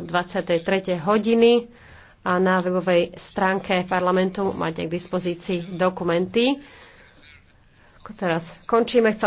23. hodiny a na webovej stránke parlamentu máte k dispozícii dokumenty. Teraz končíme.